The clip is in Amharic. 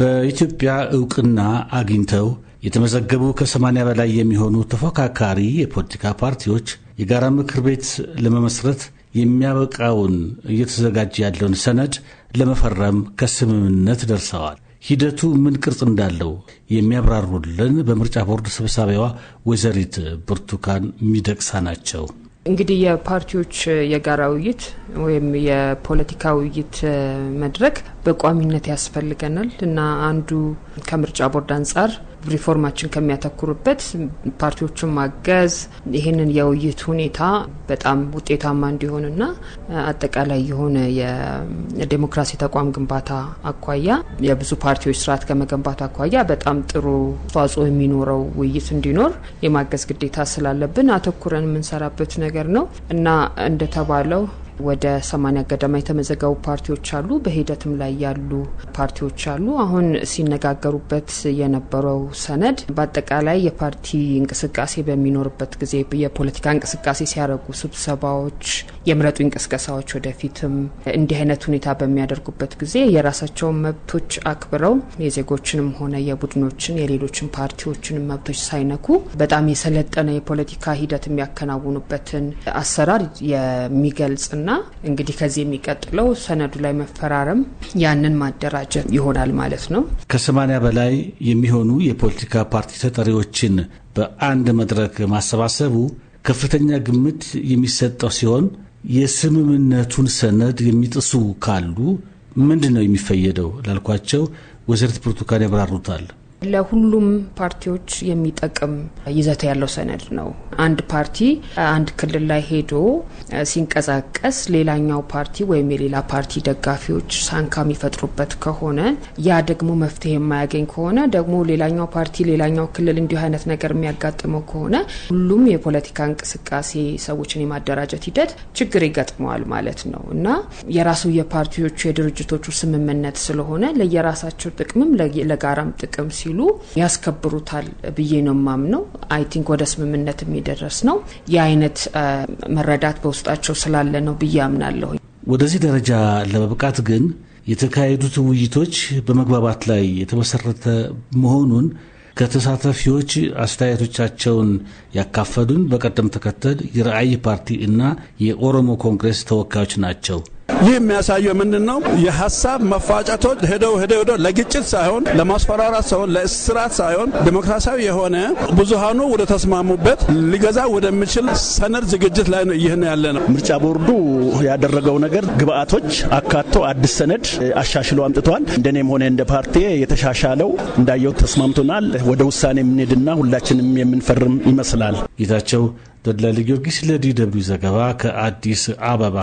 በኢትዮጵያ እውቅና አግኝተው የተመዘገቡ ከሰማንያ በላይ የሚሆኑ ተፎካካሪ የፖለቲካ ፓርቲዎች የጋራ ምክር ቤት ለመመስረት የሚያበቃውን እየተዘጋጀ ያለውን ሰነድ ለመፈረም ከስምምነት ደርሰዋል። ሂደቱ ምን ቅርጽ እንዳለው የሚያብራሩልን በምርጫ ቦርድ ሰብሳቢዋ ወይዘሪት ብርቱካን ሚደቅሳ ናቸው። እንግዲህ የፓርቲዎች የጋራ ውይይት ወይም የፖለቲካ ውይይት መድረክ በቋሚነት ያስፈልገናል እና አንዱ ከምርጫ ቦርድ አንጻር ሪፎርማችን ከሚያተኩርበት ፓርቲዎችን ማገዝ ይህንን የውይይት ሁኔታ በጣም ውጤታማ እንዲሆንና አጠቃላይ የሆነ የዴሞክራሲ ተቋም ግንባታ አኳያ የብዙ ፓርቲዎች ስርዓት ከመገንባት አኳያ በጣም ጥሩ አስተዋጽኦ የሚኖረው ውይይት እንዲኖር የማገዝ ግዴታ ስላለብን አተኩረን የምንሰራበት ነገር ነገር ነው እና እንደተባለው ወደ ሰማኒያ ገደማ የተመዘገቡ ፓርቲዎች አሉ። በሂደትም ላይ ያሉ ፓርቲዎች አሉ። አሁን ሲነጋገሩበት የነበረው ሰነድ በአጠቃላይ የፓርቲ እንቅስቃሴ በሚኖርበት ጊዜ የፖለቲካ እንቅስቃሴ ሲያደርጉ ስብሰባዎች፣ የምረጡ እንቅስቀሳዎች ወደፊትም እንዲህ አይነት ሁኔታ በሚያደርጉበት ጊዜ የራሳቸውን መብቶች አክብረው የዜጎችንም ሆነ የቡድኖችን የሌሎችን ፓርቲዎችንም መብቶች ሳይነኩ በጣም የሰለጠነ የፖለቲካ ሂደት የሚያከናውኑበትን አሰራር ነው። ና እንግዲህ ከዚህ የሚቀጥለው ሰነዱ ላይ መፈራረም ያንን ማደራጀት ይሆናል ማለት ነው። ከሰማኒያ በላይ የሚሆኑ የፖለቲካ ፓርቲ ተጠሪዎችን በአንድ መድረክ ማሰባሰቡ ከፍተኛ ግምት የሚሰጠው ሲሆን የስምምነቱን ሰነድ የሚጥሱ ካሉ ምንድን ነው የሚፈየደው ላልኳቸው ወይዘሪት ብርቱካን ያብራሩታል። ለሁሉም ፓርቲዎች የሚጠቅም ይዘት ያለው ሰነድ ነው። አንድ ፓርቲ አንድ ክልል ላይ ሄዶ ሲንቀሳቀስ ሌላኛው ፓርቲ ወይም የሌላ ፓርቲ ደጋፊዎች ሳንካ የሚፈጥሩበት ከሆነ ያ ደግሞ መፍትሄ የማያገኝ ከሆነ ደግሞ ሌላኛው ፓርቲ ሌላኛው ክልል እንዲሁ አይነት ነገር የሚያጋጥመው ከሆነ ሁሉም የፖለቲካ እንቅስቃሴ ሰዎችን የማደራጀት ሂደት ችግር ይገጥመዋል ማለት ነው እና የራሱ የፓርቲዎቹ የድርጅቶቹ ስምምነት ስለሆነ ለየራሳቸው ጥቅምም ለጋራም ጥቅም ሲሉ ያስከብሩታል ብዬ ነው የማምነው። አይ ቲንክ ወደ ስምምነት የሚደረስ ነው የአይነት መረዳት በውስጣቸው ስላለ ነው ብዬ አምናለሁ። ወደዚህ ደረጃ ለመብቃት ግን የተካሄዱት ውይይቶች በመግባባት ላይ የተመሰረተ መሆኑን ከተሳታፊዎች አስተያየቶቻቸውን ያካፈዱን በቀደም ተከተል የራዕይ ፓርቲ እና የኦሮሞ ኮንግሬስ ተወካዮች ናቸው። ይህ የሚያሳየው ምንድን ነው? የሀሳብ መፋጨቶች ሄደው ሄደው ሄደው ለግጭት ሳይሆን ለማስፈራራት ሳይሆን ለእስራት ሳይሆን ዴሞክራሲያዊ የሆነ ብዙሀኑ ወደ ተስማሙበት ሊገዛ ወደሚችል ሰነድ ዝግጅት ላይ ነው ይህን ያለ ነው። ምርጫ ቦርዱ ያደረገው ነገር ግብአቶች አካቶ አዲስ ሰነድ አሻሽሎ አምጥተዋል። እንደኔም ሆነ እንደ ፓርቲ የተሻሻለው እንዳየው ተስማምቶናል። ወደ ውሳኔ የምንሄድና ሁላችንም የምንፈርም ይመስላል። ጌታቸው ተድላ ለጊዮርጊስ ለዲ ደብልዩ ዘገባ ከአዲስ አበባ